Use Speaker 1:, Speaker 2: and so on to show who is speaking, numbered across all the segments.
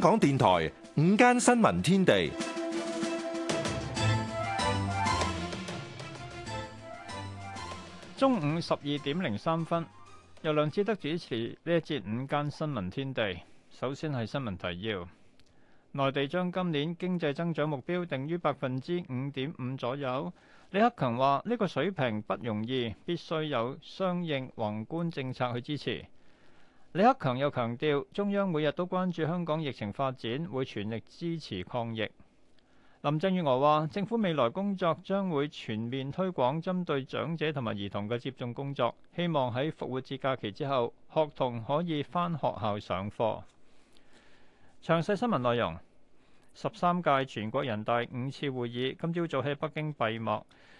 Speaker 1: 香港電台
Speaker 2: 午間新聞天地，
Speaker 3: 中午十二點零三分，由梁志德主持呢一節午間新聞天地。首先係新聞提要，內地將今年經濟增長目標定於百分之五點五左右。李克強話呢個水平不容易，必須有相應宏觀政策去支持。李克強又強調，中央每日都關注香港疫情發展，會全力支持抗疫。林鄭月娥話：政府未來工作將會全面推廣針對長者同埋兒童嘅接種工作，希望喺復活節假期之後，學童可以返學校上課。詳細新聞內容，十三屆全國人大五次會議今朝早喺北京閉幕。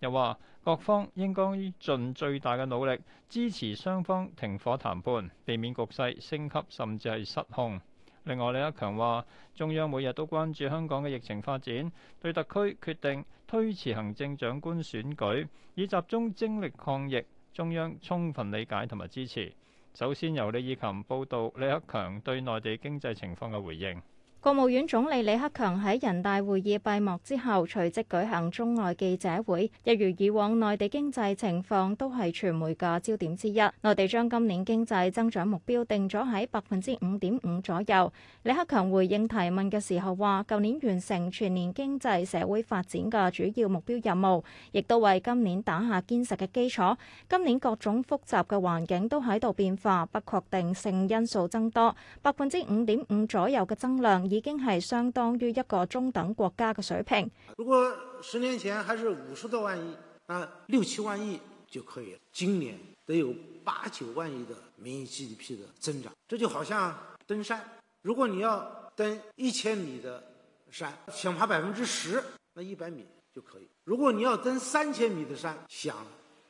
Speaker 3: 又話各方應該盡最大嘅努力支持雙方停火談判，避免局勢升級，甚至係失控。另外，李克強話：中央每日都關注香港嘅疫情發展，對特區決定推遲行政長官選舉，以集中精力抗疫，中央充分理解同埋支持。首先由李以琴報道李克強對內地經濟情況嘅回應。
Speaker 4: 國務院總理李克強喺人大會議閉幕之後，隨即舉行中外記者會。一如以往，內地經濟情況都係傳媒嘅焦點之一。內地將今年經濟增長目標定咗喺百分之五點五左右。李克強回應提問嘅時候話，舊年完成全年經濟社會發展嘅主要目標任務，亦都為今年打下堅實嘅基礎。今年各種複雜嘅環境都喺度變化，不確定性因素增多。百分之五點五左右嘅增量。已經係相當於一個中等國家嘅水平。
Speaker 5: 如果十年前還是五十多萬億，那六七萬億就可以了。今年得有八九萬億的名義 GDP 的增長。這就好像、啊、登山，如果你要登一千米的山，想爬百分之十，那一百米就可以；如果你要登三千米的山，想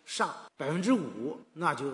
Speaker 5: 上百分之五，那就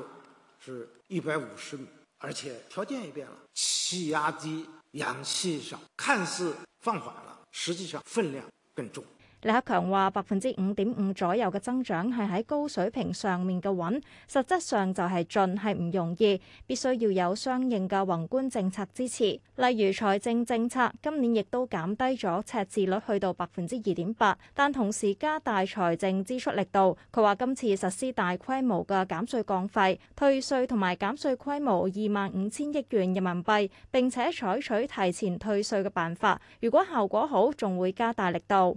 Speaker 5: 是一百五十米，而且條件也變了，氣壓低。陽氣上看似放緩了，實際上分量更
Speaker 4: 重。李克強話：百分之五點五左右嘅增長係喺高水平上面嘅穩，實質上就係盡係唔容易，必須要有相應嘅宏觀政策支持，例如財政政策。今年亦都減低咗赤字率，去到百分之二點八，但同時加大財政支出力度。佢話今次實施大規模嘅減稅降費，退稅同埋減稅規模二萬五千億元人民幣，並且採取提前退稅嘅辦法。如果效果好，仲會加大力度。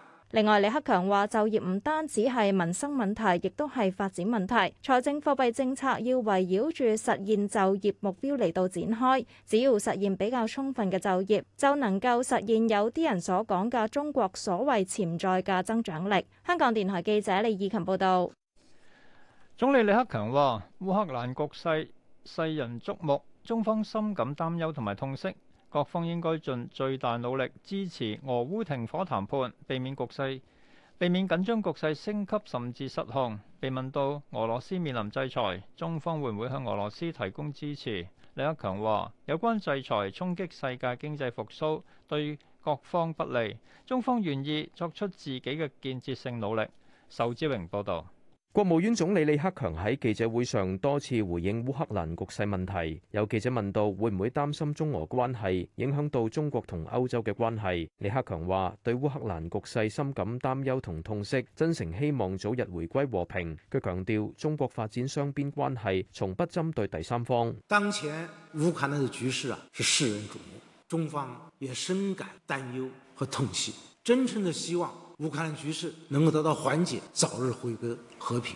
Speaker 4: 另外，李克強話：就業唔單止係民生問題，亦都係發展問題。財政貨幣政策要圍繞住實現就業目標嚟到展開。只要實現比較充分嘅就業，就能夠實現有啲人所講嘅中國所謂潛在嘅增長力。香港電台記者李以勤報道：「總理李克
Speaker 3: 強話：烏克蘭局勢，世人矚目，中方深感擔憂同埋痛惜。各方應該盡最大努力支持俄烏停火談判，避免局勢避免緊張局勢升級甚至失控。被問到俄羅斯面臨制裁，中方會唔會向俄羅斯提供支持？李克強話：有關制裁衝擊世界經濟復甦，對各方不利。中方願意作出自己嘅建設性努力。仇志榮報導。
Speaker 6: 國務院總理李克強喺記者會上多次回應烏克蘭局勢問題。有記者問到會唔會擔心中俄關係影響到中國同歐洲嘅關係？李克強話：對烏克蘭局勢深感擔憂同痛惜，真誠希望早日回歸和平。佢強調，中國發展雙邊關係從不針對第三方。當前烏克蘭嘅
Speaker 5: 局勢啊，是世人矚目，中方也深感擔憂和痛惜，真誠的希望。烏克蘭局勢能夠得到緩解，早日回歸和平。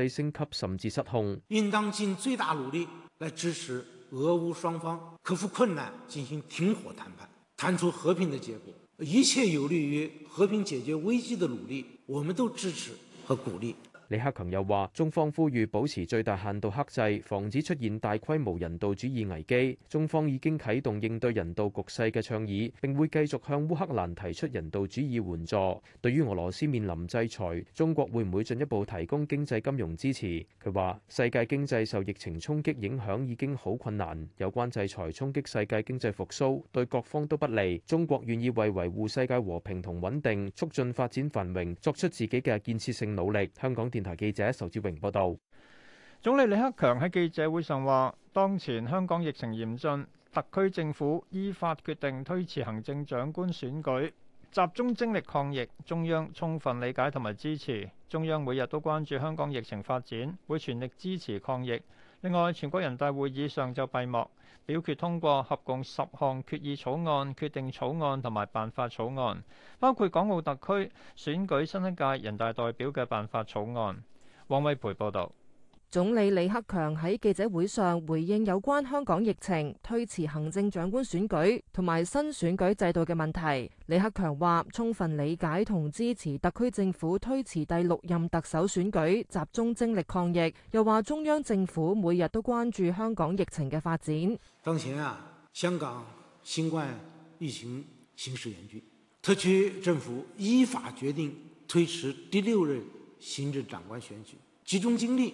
Speaker 6: 升級，甚至失控，
Speaker 5: 應當盡最大努力來支持俄烏雙方克服困難，進行停火談判，談出和平的結果。一切有利於和平解決危機的努力，我們都支持
Speaker 6: 和鼓勵。李克強又話：中方呼籲保持最大限度克制，防止出現大規模人道主義危機。中方已經啟動應對人道局勢嘅倡議，並會繼續向烏克蘭提出人道主義援助。對於俄羅斯面臨制裁，中國會唔會進一步提供經濟金融支持？佢話：世界經濟受疫情衝擊影響已經好困難，有關制裁衝擊世界經濟復甦，對各方都不利。中國願意為維護世界和平同穩定、促進發展繁榮作出自己嘅建設性努力。香港電。電台記者仇志榮報道，總理李克強喺記者會上話：當前香港疫情嚴峻，特
Speaker 3: 區政府依法決定推遲行政長官選舉，集中精力抗疫。中央充分理解同埋支持，中央每日都關注香港疫情發展，會全力支持抗疫。另外，全國人大會議上晝閉幕。表決通過合共十項決議草案、決定草案同埋辦法草案，包括港澳特區選舉新一屆人大代表嘅辦法草案。王偉培報道。
Speaker 7: 總理李克強喺記者會上回應有關香港疫情推遲行政長官選舉同埋新選舉制度嘅問題。李克強話，充分理解同支持特區政府推遲第六任特首選舉，集中精力抗疫。又話中央政府每日都關注香港疫情嘅發展。
Speaker 5: 當前啊，香港新冠疫情形勢嚴峻，特區政府依法決定推遲第六任行政長官選舉，集中精力，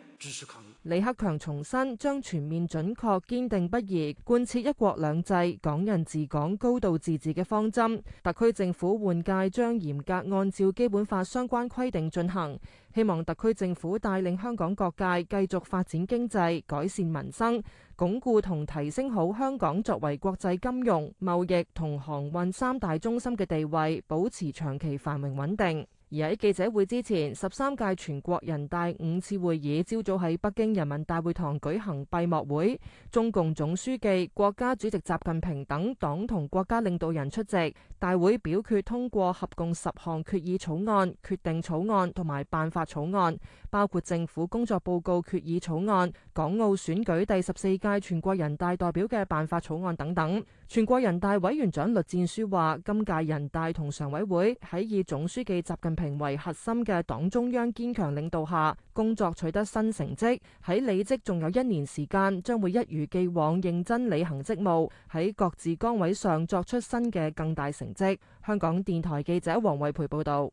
Speaker 7: 李克強重申將全面、準確、堅定不移貫徹一國兩制、港人治港、高度自治嘅方針。特區政府換屆將嚴格按照基本法相關規定進行。希望特區政府帶領香港各界繼續發展經濟、改善民生，鞏固同提升好香港作為國際金融、貿易同航運三大中心嘅地位，保持長期繁榮穩定。而喺記者會之前，十三屆全國人大五次會議朝早喺北京人民大會堂舉行閉幕會，中共總書記、國家主席習近平等黨同國家領導人出席。大會表決通過合共十項決議草案、決定草案同埋辦法草案，包括政府工作報告決議草案、港澳選舉第十四屆全國人大代表嘅辦法草案等等。全國人大委員長栗戰書話，今屆人大同常委會喺以總書記習近平為核心嘅黨中央堅強領導下，工作取得新成績。喺履職仲有一年時間，將會一如既往認真履行職務，喺各自崗位上作出新嘅更大成績。香港電台記者黃惠培報道。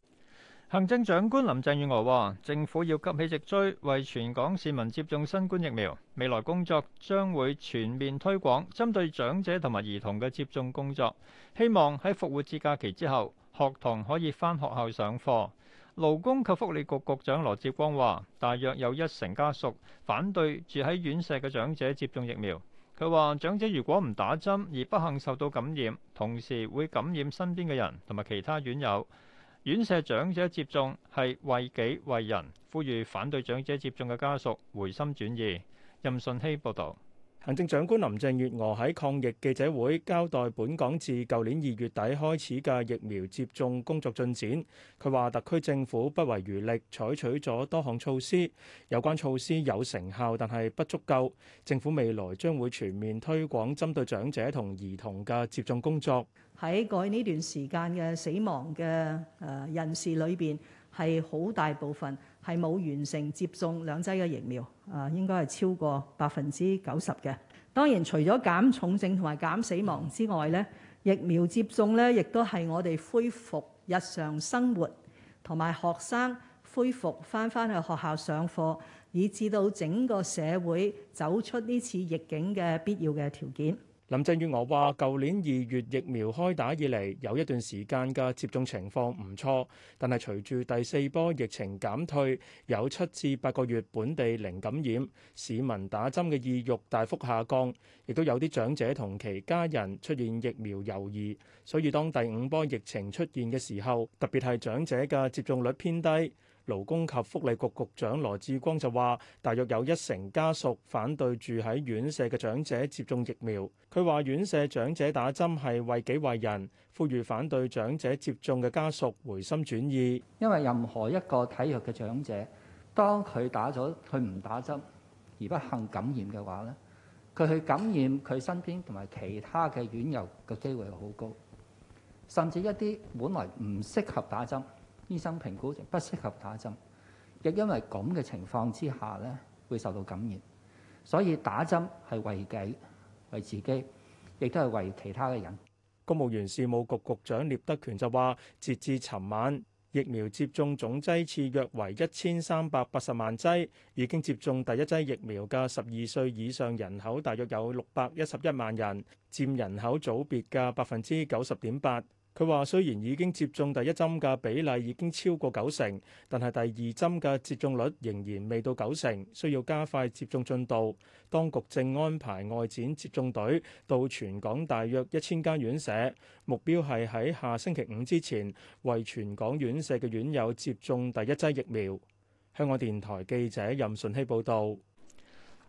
Speaker 3: 行政長官林鄭月娥話：政府要急起直追，為全港市民接種新冠疫苗。未來工作將會全面推廣，針對長者同埋兒童嘅接種工作。希望喺復活節假期之後，學童可以返學校上課。勞工及福利局局長羅致光話：大約有一成家屬反對住喺院舍嘅長者接種疫苗。佢話：長者如果唔打針，而不幸受到感染，同時會感染身邊嘅人同埋其他院友。院舍長者接種係為己為人，呼籲反對長者接種嘅家屬回心轉意。任順希報導。
Speaker 8: 行政長官林鄭月娥喺抗疫記者會交代本港自舊年二月底開始嘅疫苗接種工作進展。佢話特區政府不遺餘力採取咗多項措施，有關措施有成效，但係不足夠。政府未來將會全面推廣針對長者同兒童嘅接種工作。
Speaker 7: 喺過去呢段時間嘅死亡嘅誒人士裏邊，係好大部分。係冇完成接種兩劑嘅疫苗，啊，應該係超過百分之九十嘅。當然，除咗減重症同埋減死亡之外咧，疫苗接種咧，亦都係我哋恢復日常生活同埋學生恢復返返去學校上課，以至到整個社會走出呢次逆境嘅必要嘅條件。
Speaker 8: 林鄭月娥話：舊年二月疫苗開打以嚟，有一段時間嘅接種情況唔錯，但係隨住第四波疫情減退，有七至八個月本地零感染，市民打針嘅意欲大幅下降，亦都有啲長者同其家人出現疫苗猶豫，所以當第五波疫情出現嘅時候，特別係長者嘅接種率偏低。勞工及福利局局長羅致光就話，大約有一成家屬反對住喺院舍嘅長者接種疫苗。佢話：院舍長者打針係為己為人，呼籲反對長者接種嘅家屬回心轉意。因為任何一個體弱嘅長者，當佢打咗佢唔打針
Speaker 3: 而不幸感染嘅話咧，佢去感染佢身邊同埋其他嘅院友嘅機會好高，甚至一啲本來唔適合打針。醫生評估不適合打針，亦因為咁嘅情況之下咧，會受到感染，
Speaker 8: 所以打針係為己為自己，亦都係為其他嘅人。公務員事務局局，局長聶德權就話，截至尋晚，疫苗接種總劑次約為一千三百八十萬劑，已經接種第一劑疫苗嘅十二歲以上人口大約有六百一十一萬人，佔人口組別嘅百分之九十點八。佢話：雖然已經接種第一針嘅比例已經超過九成，但係第二針嘅接種率仍然未到九成，需要加快接種進度。當局正安排外展接種隊到全港大約一千間院舍，目標係喺下星期五之前為全港院舍嘅院友接種第一劑疫苗。香港電台記者任順希報導。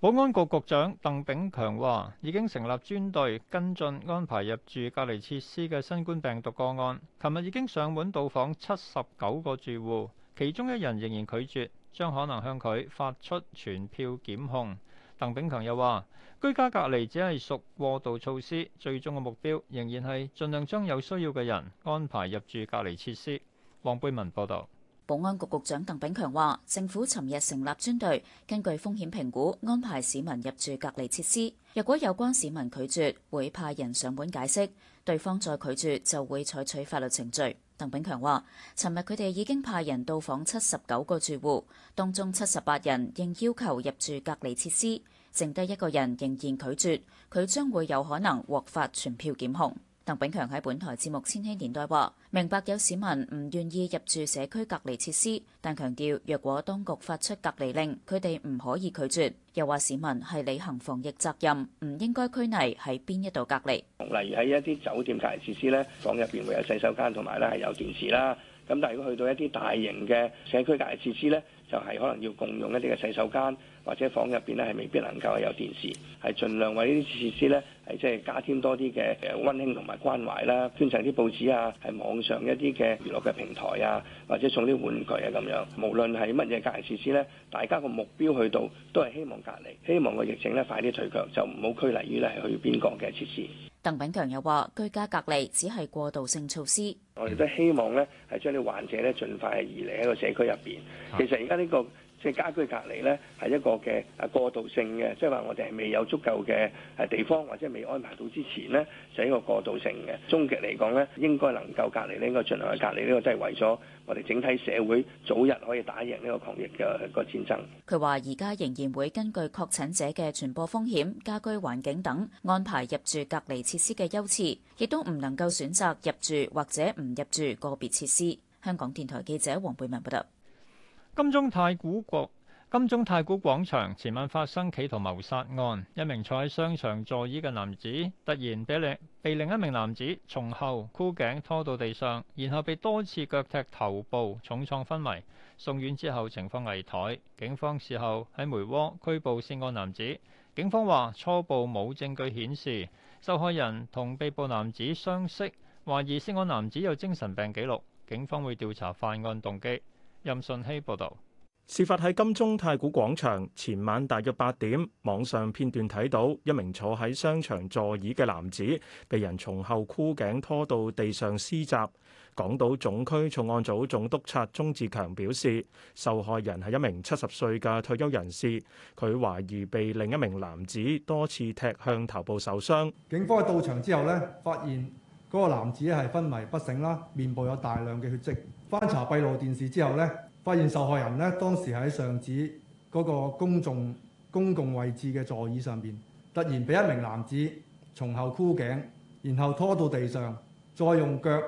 Speaker 8: 保安局局長鄧炳強話：已經成立專隊
Speaker 3: 跟進安排入住隔離設施嘅新冠病毒個案。琴日已經上門到訪七十九個住戶，其中一人仍然拒絕，將可能向佢發出傳票檢控。鄧炳強又話：居家隔離只係屬過渡措施，最終嘅目標仍然係盡量將有需要嘅人安排入住隔離設施。黃貝文報道。
Speaker 9: 保安局局長鄧炳強話，政府尋日成立專隊，根據風險評估安排市民入住隔離設施。若果有關市民拒絕，會派人上門解釋，對方再拒絕，就會採取法律程序。鄧炳強話，尋日佢哋已經派人到訪七十九個住戶，當中七十八人應要求入住隔離設施，剩低一個人仍然拒絕，佢將會有可能獲發傳票檢控。曾鄧炳強喺本台節目《千禧年代》話，明白有市民唔願意入住社區隔離設施，但強調若果當局發出隔離令，佢哋唔可以拒絕。又話市民係履行防疫責任，唔應該拘泥喺邊一度隔離。
Speaker 1: 例如喺一啲酒店隔離設施咧，房入邊會有洗手間同埋咧係有電視啦。咁但係如果去到一啲大型嘅社區隔離設施咧，就係可能要共用一啲嘅洗手間。或者房入邊呢，係未必能夠有電視，係儘量為呢啲設施呢，係即係加添多啲嘅誒溫馨同埋關懷啦，捐贈啲報紙啊，係網上一啲嘅娛樂嘅平台啊，或者送啲玩具啊咁樣。無論係乜嘢隔離設施呢，大家個目標去到都係希望隔離，希望個疫情呢快啲退卻，就唔好拘泥於呢係去邊個嘅設施。
Speaker 9: 鄧炳強又話：居家隔離只係過渡性措施。
Speaker 1: 嗯、我哋都希望呢，係將啲患者呢盡快移離喺個社區入邊。其實而家呢個即係家居隔離咧，係一個嘅啊過渡性嘅，即係話我哋係未有足夠嘅係地方或者未安排到之前呢，就係一個過渡性嘅。終極嚟講呢，應該能夠隔離呢，應該盡量去隔離呢個，即係為咗我哋整體社會早日可以打贏呢個抗疫嘅個戰爭。
Speaker 9: 佢話：而家仍然會根據確診者嘅傳播風險、家居環境等安排入住隔離設施嘅優次，亦都唔能夠選擇入住或者唔入住個別設施。香港電台記者黃貝文報道。
Speaker 3: 金鐘太古國金鐘太古廣場前晚發生企圖謀殺案，一名坐喺商場座椅嘅男子突然被另被另一名男子從後箍頸拖到地上，然後被多次腳踢頭部，重創昏迷。送院之後情況危殆，警方事後喺梅窩拘捕涉案男子。警方話初步冇證據顯示受害人同被捕男子相識，懷疑涉案男子有精神病記錄，警方會調查犯案動機。任順希報道，
Speaker 8: 事發喺金鐘太古廣場前晚大約八點，網上片段睇到一名坐喺商場座椅嘅男子，被人從後箍頸拖到地上施襲。港島總區重案組總督察鐘志強表示，受害人係一名七十歲嘅退休人士，佢懷疑被另一名男子多次踢向頭部受傷。警
Speaker 1: 方喺到場之後呢，發現嗰個男子係昏迷不醒啦，面部有大量嘅血跡。翻查閉路電視之後呢，發現受害人呢，當時喺上址嗰個公眾公共位置嘅座椅上邊，突然被一名男子從後箍頸，然後拖
Speaker 8: 到地上，再用腳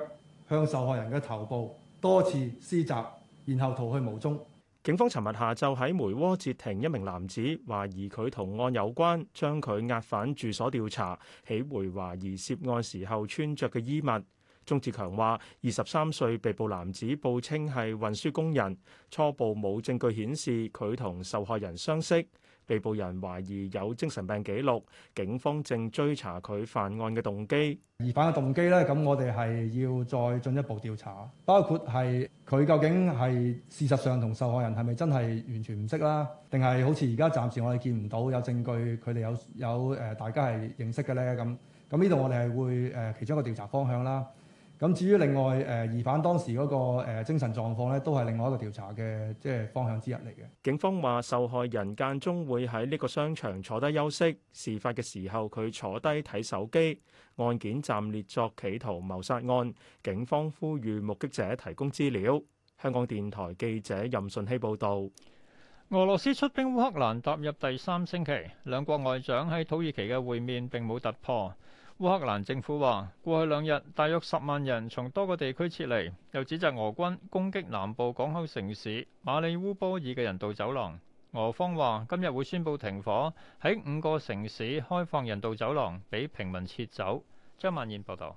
Speaker 8: 向受害人嘅頭部多次施襲，然後逃去無蹤。警方尋日下晝喺梅窩截停一名男子，懷疑佢同案有關，將佢押返住所調查，起回懷疑涉案時候穿着嘅衣物。鐘志強話，二十三歲被捕男子報稱係運輸工人，初步冇證據顯示佢同受害人相識。被捕人懷疑有精神病記錄，警方正追查佢犯案嘅動機。疑
Speaker 1: 犯嘅動機咧，咁我哋係要再進一步調查，包括係佢究竟係事實上同受害人係咪真係完全唔識啦？定係好似而家暫時我哋見唔到有證據有，佢哋有有誒大家係認識嘅咧？咁咁呢度我哋係會誒其中一個調查方向啦。咁至於另外誒疑犯當時嗰個誒精神狀況呢，都係另外一個調查嘅即係方向之一嚟嘅。
Speaker 8: 警方話受害人間中會喺呢個商場坐低休息，事發嘅時候佢坐低睇手機。案件暫列作企圖謀殺案，警方呼籲目擊者提供資料。香港電台記者任順希報導。
Speaker 3: 俄羅斯出兵烏克蘭踏入第三星期，兩國外長喺土耳其嘅會面並冇突破。烏克蘭政府話，過去兩日大約十萬人從多個地區撤離，又指責俄軍攻擊南部港口城市馬里烏波爾嘅人道走廊。俄方話，今日會宣布停火，喺五個城市開放人道走廊，俾平民撤走。張曼燕報道。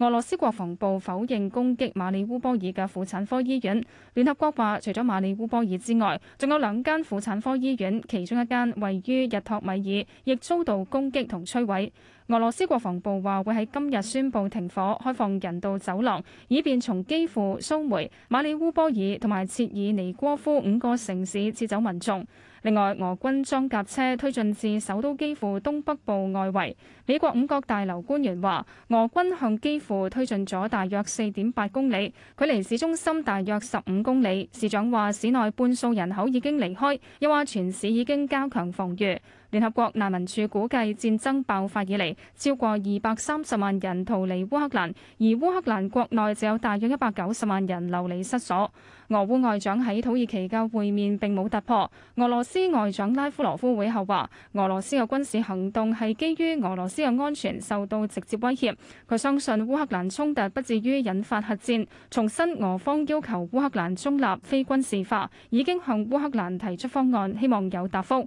Speaker 10: 俄羅斯國防部否認攻擊馬里烏波爾嘅婦產科醫院。聯合國話，除咗馬里烏波爾之外，仲有兩間婦產科醫院，其中一間位於日托米爾，亦遭到攻擊同摧毀。俄羅斯國防部話會喺今日宣布停火、開放人道走廊，以便從基輔、蘇梅、馬里烏波爾同埋切爾尼戈夫五個城市撤走民眾。另外，俄軍裝甲車推進至首都基輔東北部外圍。美國五角大樓官員話，俄軍向基輔推進咗大約四點八公里，距離市中心大約十五公里。市長話，市內半數人口已經離開，又話全市已經加強防禦。聯合國難民署估計，戰爭爆發以嚟超過二百三十萬人逃離烏克蘭，而烏克蘭國內就有大約一百九十萬人流離失所。俄烏外長喺土耳其嘅會面並冇突破。俄羅斯外長拉夫羅夫會後話，俄羅斯嘅軍事行動係基於俄羅斯嘅安全受到直接威脅。佢相信烏克蘭衝突不至於引發核戰。重申俄方要求烏克蘭中立、非軍事化，已經向烏克蘭提出方案，希望有答覆。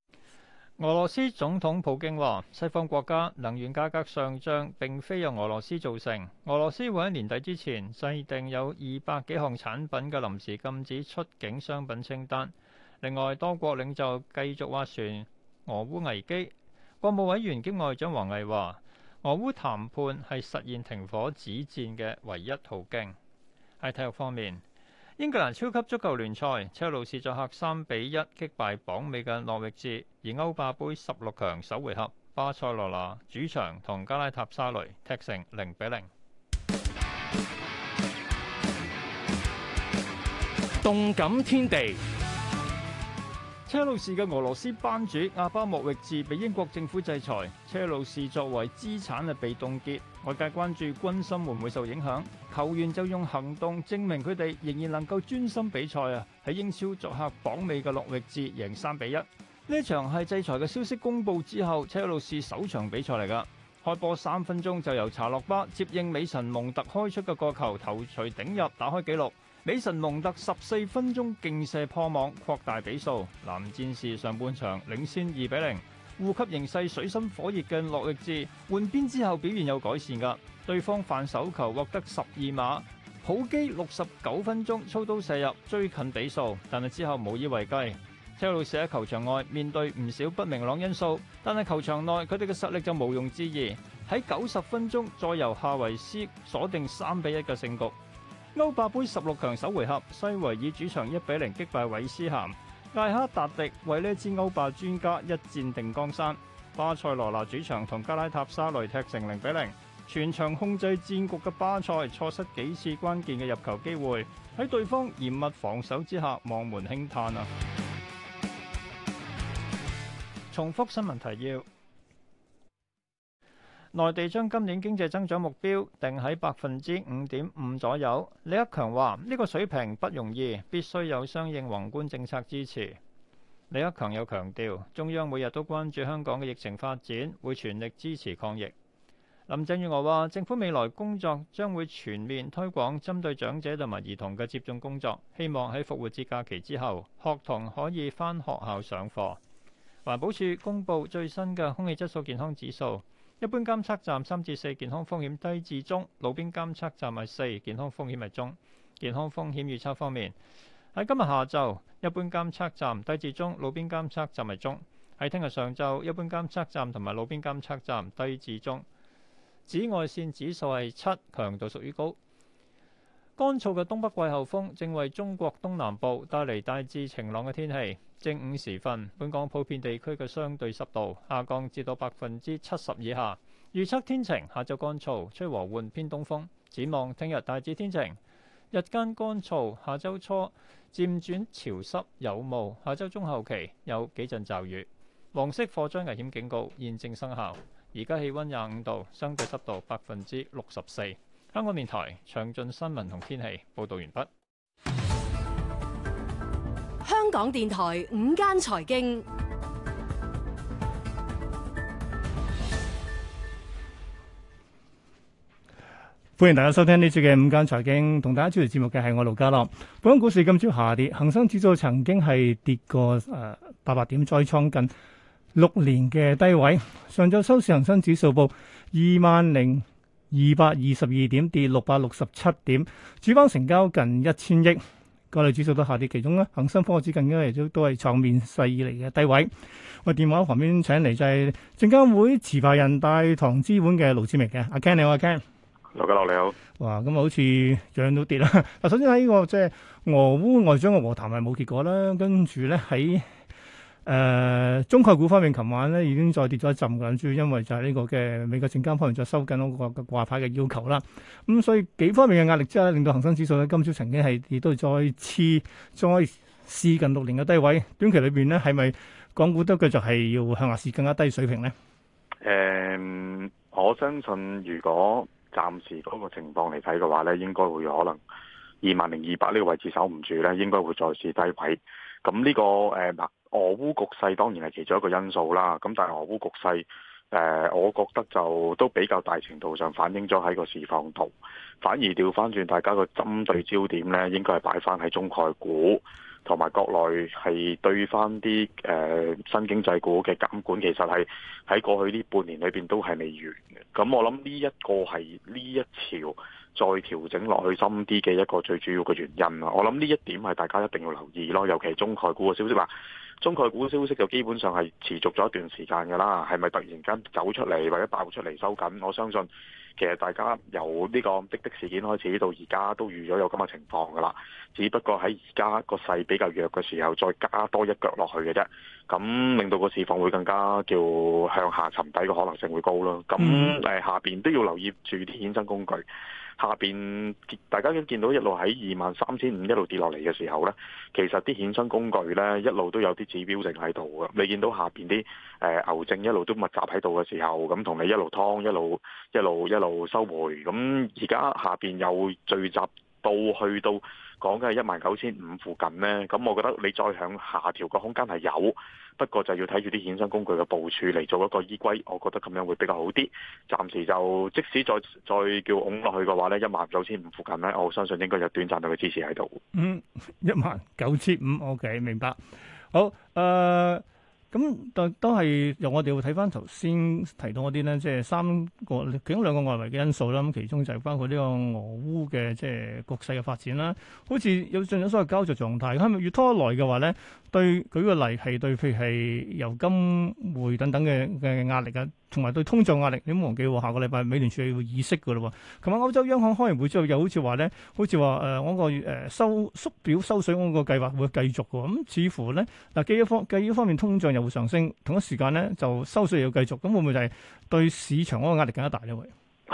Speaker 3: 俄羅斯總統普京話：西方國家能源價格上漲，並非由俄羅斯造成。俄羅斯會喺年底之前制定有二百幾項產品嘅臨時禁止出境商品清單。另外，多國領袖繼續斡旋俄烏危機。國務委員兼外長王毅話：俄烏談判係實現停火止戰嘅唯一途徑。喺體育方面。英格蘭超級足球聯賽，車路士作客三比一擊敗榜尾嘅諾域治；而歐霸盃十六強首回合，巴塞羅那主場同加拉塔沙雷踢成零比零。
Speaker 8: 動
Speaker 3: 感天地。車路士嘅俄羅斯班主阿巴莫域治，被英國政府制裁，車路士作為資產啊被凍結，外界關注軍心會唔會受影響。球員就用行動證明佢哋仍然能夠專心比賽啊！喺英超作客榜尾嘅諾域治，贏三比一。呢場係制裁嘅消息公布之後，車路士首場比賽嚟噶，開波三分鐘就由查洛巴接應美神蒙特開出嘅個球頭錘頂入，打開紀錄。美神蒙特十四分鐘勁射破網擴大比數，藍戰士上半場領先二比零。護級形勢水深火熱嘅諾域治換邊之後表現有改善㗎，對方犯手球獲得十二碼。普基六十九分鐘操刀射入追近比數，但係之後無以為繼。車路士喺球場外面對唔少不明朗因素，但係球場內佢哋嘅實力就毋庸置疑。喺九十分鐘再由夏維斯鎖定三比一嘅勝局。歐霸盃十六強首回合，西維爾主場一比零擊敗韋斯咸，艾克達迪為呢支歐霸專家一戰定江山。巴塞羅那主場同加拉塔沙雷踢成零比零，全場控制戰局嘅巴塞錯失幾次關鍵嘅入球機會，喺對方嚴密防守之下望門輕嘆啊！重複新聞提要。內地將今年經濟增長目標定喺百分之五點五左右。李克強話：呢個水平不容易，必須有相應宏觀政策支持。李克強又強調，中央每日都關注香港嘅疫情發展，會全力支持抗疫。林鄭月娥話：政府未來工作將會全面推廣針對長者同埋兒童嘅接種工作，希望喺復活節假期之後，學童可以返學校上課。環保署公布最新嘅空氣質素健康指數。一般監測站三至四，健康風險低至中，路邊監測站係四，健康風險係中。健康風險預測方面，喺今日下晝一般監測站低至中，路邊監測站係中。喺聽日上晝一般監測站同埋路邊監測站低至中。紫外線指數係七，強度屬於高。乾燥嘅東北季候風正為中國東南部帶嚟大致晴朗嘅天氣。正午時分，本港普遍地區嘅相對濕度下降至到百分之七十以下。預測天晴，下晝乾燥，吹和緩偏東風。展望聽日大致天晴，日間乾燥，下周初漸轉潮濕有霧，下周中後期有幾陣驟雨。黃色火災危險警告現正生效。而家氣温廿五度，相對濕度百分之六十四。香港電台詳盡新聞同天氣報道完畢。
Speaker 7: 香港電台午間財經，
Speaker 2: 歡迎大家收聽呢節嘅午間財經。同大家主持節目嘅係我盧家樂。本港股市今朝下,下跌，恒生指數曾經係跌過誒八百點，再創近六年嘅低位。上晝收市，恒生指數報二萬零。20, 二百二十二點跌六百六十七點，主板成交近一千億，各類指數都下跌，其中咧恒生科技指數都都係創面細嚟嘅低位。喂，電話旁邊請嚟就係證監會持牌人大唐資本嘅盧志明嘅，阿 Ken 你好，阿 Ken，大家好，你好。哇，咁啊，好似漲都跌啦。嗱，首先喺呢、這個即係、就是、俄烏外長嘅和談係冇結果啦，跟住咧喺。誒、呃，中概股方面呢，琴晚咧已經再跌咗一浸啦，主要因為就係呢個嘅美國證監會仲再收緊嗰個掛牌嘅要求啦。咁、嗯、所以幾方面嘅壓力之下，令到恒生指數咧今朝曾經係亦都再次再試近六年嘅低位。短期裏邊咧係咪港股都繼續係要向下試更加低水平咧？
Speaker 11: 誒、嗯，我相信如果暫時嗰個情況嚟睇嘅話咧，應該會可能二萬零二百呢個位置守唔住咧，應該會再試低位。咁、嗯、呢、這個誒、嗯啊俄烏局勢當然係其中一個因素啦，咁但係俄烏局勢，誒，我覺得就都比較大程度上反映咗喺個市況度，反而調翻轉大家個針對焦點呢，應該係擺翻喺中概股，同埋國內係對翻啲誒新經濟股嘅監管，其實係喺過去呢半年裏邊都係未完嘅，咁我諗呢一個係呢一潮，再調整落去深啲嘅一個最主要嘅原因啊，我諗呢一點係大家一定要留意咯，尤其係中概股嘅消息。話中概股消息就基本上係持續咗一段時間㗎啦，係咪突然間走出嚟或者爆出嚟收緊？我相信其實大家由呢個滴滴事件開始到而家都預咗有咁嘅情況㗎啦，只不過喺而家個勢比較弱嘅時候，再加多一腳落去嘅啫，咁令到個市況會更加叫向下沉底嘅可能性會高咯。咁誒下邊都要留意住啲衍生工具。下邊大家已經見到一路喺二萬三千五一路跌落嚟嘅時候呢，其實啲衍生工具呢一路都有啲指標性喺度嘅，你見到下邊啲誒牛證一路都密集喺度嘅時候，咁同你一路劏，一路一路一路收回，咁而家下邊有聚集。到去到講緊係一萬九千五附近呢，咁我覺得你再向下調個空間係有，不過就要睇住啲衍生工具嘅部署嚟做一個依歸，我覺得咁樣會比較好啲。暫時就即使再再叫拱落去嘅話呢，一萬九千五附近呢，我相信應該有短暫嘅支持喺度。嗯，
Speaker 2: 一萬九千五，OK，明白。好，誒、uh。咁、嗯、都都係由我哋會睇翻頭先提到嗰啲咧，即、就、係、是、三個其中兩個外圍嘅因素啦。咁其中就係包括呢個俄烏嘅即係局勢嘅發展啦。好似有進咗所謂膠著狀態，係咪越拖得耐嘅話咧，對舉個例係對譬如係油金匯等等嘅嘅壓力嘅？同埋對通脹壓力，你唔忘記，下個禮拜美聯儲要議，議息嘅咯。琴晚歐洲央行開完會之後，又好似話咧，好似話誒，嗰、呃、個、呃、收縮表收，收水嗰個計劃會繼續嘅。咁、嗯、似乎咧，嗱，基於方基於方面，通脹又會上升，同一時間咧就收水又要繼續，咁會唔會就係對市場嗰個壓力更加大咧？會？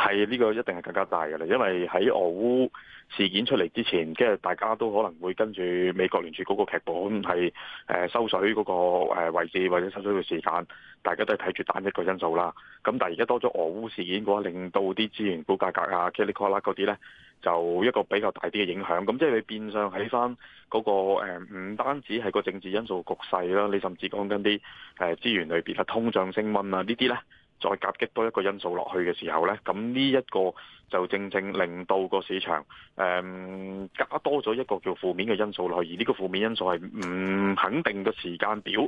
Speaker 11: 係呢、這個一定係更加大嘅啦，因為喺俄烏事件出嚟之前，即係大家都可能會跟住美國聯儲局個劇本係誒收水嗰個位置或者收水嘅時間，大家都係睇住單一個因素啦。咁但係而家多咗俄烏事件嘅話，令到啲資源股價格啊、即係利確啦嗰啲咧，就一個比較大啲嘅影響。咁即係你變相喺翻嗰個唔單止係個政治因素局勢啦，你甚至講緊啲誒資源類別啊、通脹升溫啊呢啲咧。再夾擊多一個因素落去嘅時候呢，咁呢一個就正正令到個市場誒、嗯、加多咗一個叫負面嘅因素落去，而呢個負面因素係唔肯定嘅時間表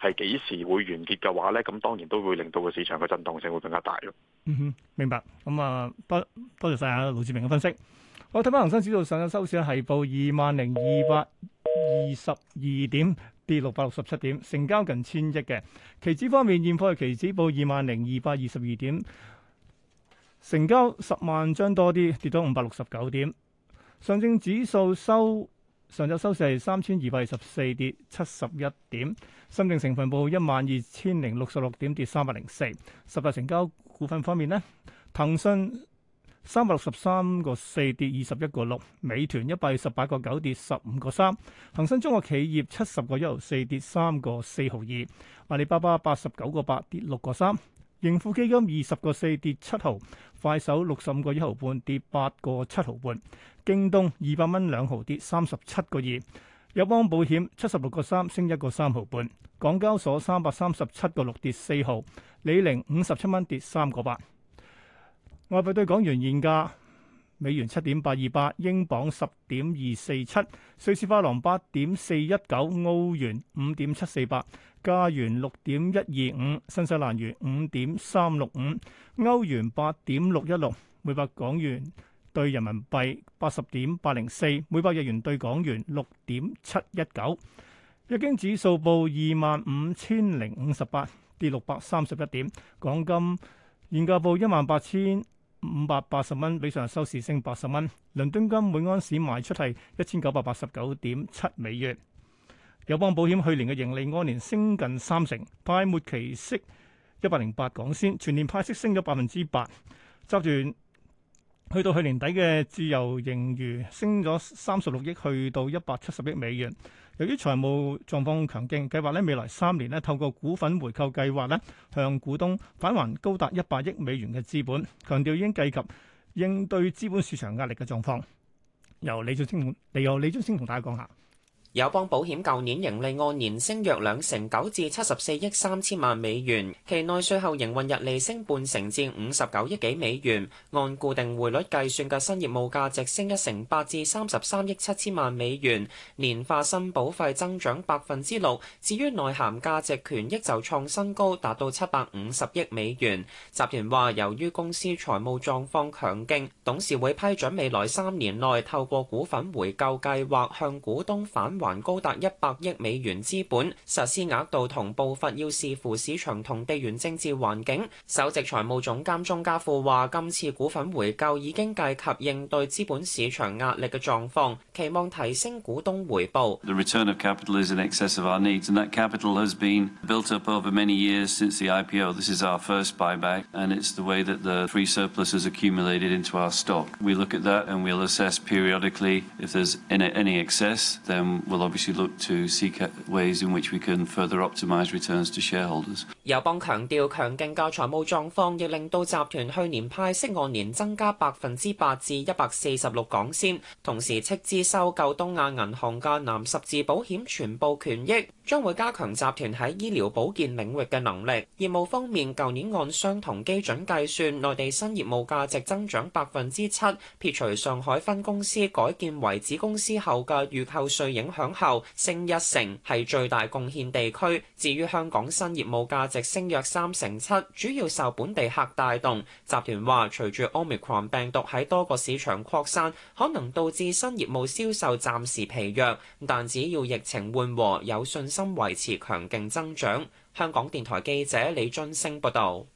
Speaker 11: 係幾時會完結嘅話呢，咁當然都會令到個市場嘅震盪性會更加大咯。嗯哼，
Speaker 2: 明白。咁、嗯、啊，多多謝晒啊盧志明嘅分析。我睇翻恒生指數上嘅收市咧，係報二萬零二百二十二點。跌六百六十七點，成交近千億嘅。期指方面，現貨期指報二萬零二百二十二點，成交十萬張多啲，跌到五百六十九點。上證指數收上週收市三千二百二十四，跌七十一點。深證成分報一萬二千零六十六點，跌三百零四。十大成交股份方面呢，騰訊，三百六十三個四跌二十一個六，美團一百二十八個九跌十五個三，恒生中國企業七十個一毫四跌三個四毫二，阿里巴巴八十九個八跌六個三，盈富基金二十個四跌七毫，快手六十五個一毫半跌八個七毫半，京東二百蚊兩毫跌三十七個二，友邦保險七十六個三升一個三毫半，港交所三百三十七個六跌四毫，李寧五十七蚊跌三個八。外幣對港元現價：美元七點八二八，英鎊十點二四七，瑞士法郎八點四一九，澳元五點七四八，加元六點一二五，新西蘭元五點三六五，歐元八點六一六。每百港元對人民幣八十點八零四，每百日元對港元六點七一九。日經指數報二萬五千零五十八，跌六百三十一點。港金現價報一萬八千五百八十蚊，比上日收市升八十蚊。倫敦金每安士賣出係一千九百八十九點七美元。友邦保險去年嘅盈利按年升近三成。派末期息一百零八港仙，全年派息升咗百分之八。集團去到去年底嘅自由盈餘升咗三十六億，去到一百七十億美元。由於財務狀況強勁，計劃咧未來三年咧透過股份回購計劃咧向股東返還高達一百億美元嘅資本，強調應計及應對資本市場壓力嘅狀況。由李俊清同，由李俊清同大家講下。
Speaker 12: 友邦保險舊年盈利按年升約兩成九至七十四億三千萬美元。期內稅後營運日利升半成至五十九億幾美元。按固定匯率計算嘅新業務價值升一成八至三十三億七千萬美元。年化新保費增長百分之六。至於內涵價值權益就創新高，達到七百五十億美元。集團話由於公司財務狀況強勁，董事會批准未來三年內透過股份回購計劃向股東返回。還高達一百億美元資本，實施額度同步伐要視乎市場同地緣政治環境。首席財務總監鐘家富話：今次股份回購已經計及應對資本市場壓力嘅狀況，期望提升股東
Speaker 9: 回報。
Speaker 12: 友邦強調，強勁嘅財務狀況亦令到集團去年派息按年增加百分之八至一百四十六港仙，同時斥資收購東亞銀行嘅藍十字保險全部權益，將會加強集團喺醫療保健領域嘅能力。業務方面，舊年按相同基準計算，內地新業務價值增長百分之七，撇除上海分公司改建為子公司後嘅預扣稅影響。後升一成，係最大貢獻地區。至於香港新業務價值升約三成七，主要受本地客帶動。集團話，隨住 Omicron 病毒喺多個市場擴散，可能導致新業務銷售暫時疲弱，但只要疫情緩和，有信心維持強勁增長。香港電台記者李俊升報導。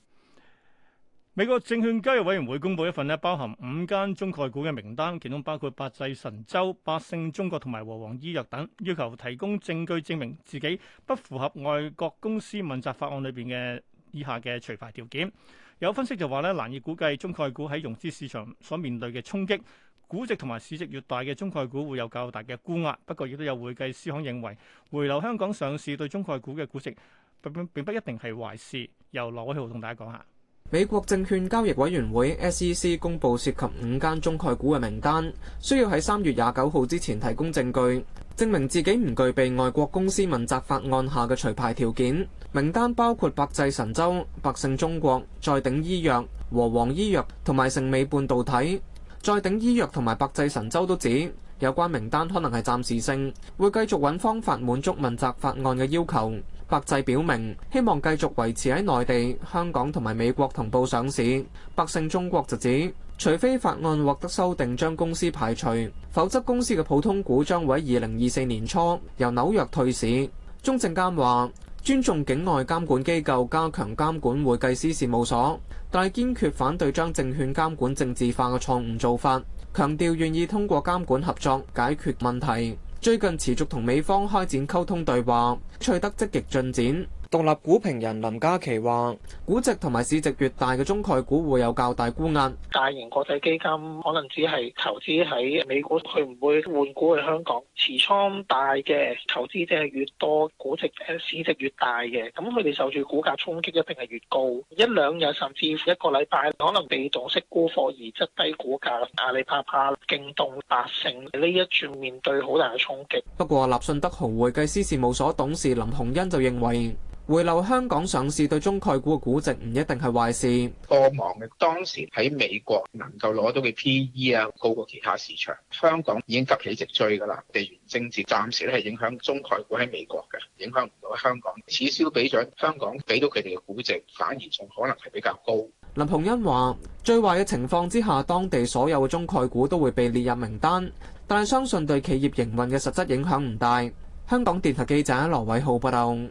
Speaker 2: 美國證券交易委員會公佈一份呢，包含五間中概股嘅名單，其中包括百濟神州、百勝中國同埋和黃醫藥等，要求提供證據證明自己不符合外國公司問責法案裏邊嘅以下嘅除牌條件。有分析就話呢，難以估計中概股喺融資市場所面對嘅衝擊，估值同埋市值越大嘅中概股會有較大嘅估壓。不過，亦都有會計師行認為回流香港上市對中概股嘅估值並不一定係壞事。由羅威豪同大家講下。
Speaker 13: 美國證券交易委員會 SEC 公佈涉及五間中概股嘅名單，需要喺三月廿九號之前提供證據，證明自己唔具備外國公司問責法案下嘅除牌條件。名單包括百濟神州、百勝中國、再鼎醫藥、和黃醫藥同埋盛美半導體。再鼎醫藥同埋百濟神州都指，有關名單可能係暫時性，會繼續揾方法滿足問責法案嘅要求。百濟表明希望繼續維持喺內地、香港同埋美國同步上市。百勝中國就指，除非法案獲得修訂將公司排除，否則公司嘅普通股將會喺二零二四年初由紐約退市。中證監話：尊重境外監管機構加強監管會計師事，事務所，但係堅決反對將證券監管政治化嘅錯誤做法，強調願意通過監管合作解決問題。最近持續同美方開展溝通對話，取得積極進展。獨立股評人林嘉琪話：估值同埋市值越大嘅中概股會有較大估壓。
Speaker 5: 大型國際基金可能只係投資喺美股，佢唔會換股去香港。持倉大嘅投資者越多，估值市值越大嘅，咁佢哋受住股價衝擊一定係越高。一兩日甚至乎一個禮拜，可能被動式沽貨而質低股價，阿里巴巴動、京東、百成，呢一轉面對好大嘅衝擊。
Speaker 13: 不過，立信德豪會計師事務所董事林鴻恩就認為。回流香港上市對中概股嘅估值唔一定係壞事，
Speaker 11: 過往嘅當時喺美國能夠攞到嘅 PE 啊高過其他市場，香港已經急起直追噶啦。地緣政治暫時咧係影響中概股喺美國嘅，影響唔到香港。此消彼長，香港俾到佢哋嘅估值反而仲可能係比較高。
Speaker 13: 林洪恩話：最壞嘅情況之下，當地所有嘅中概股都會被列入名單，但係相信對企業營運嘅實質影響唔大。香港電台記者羅偉浩報道。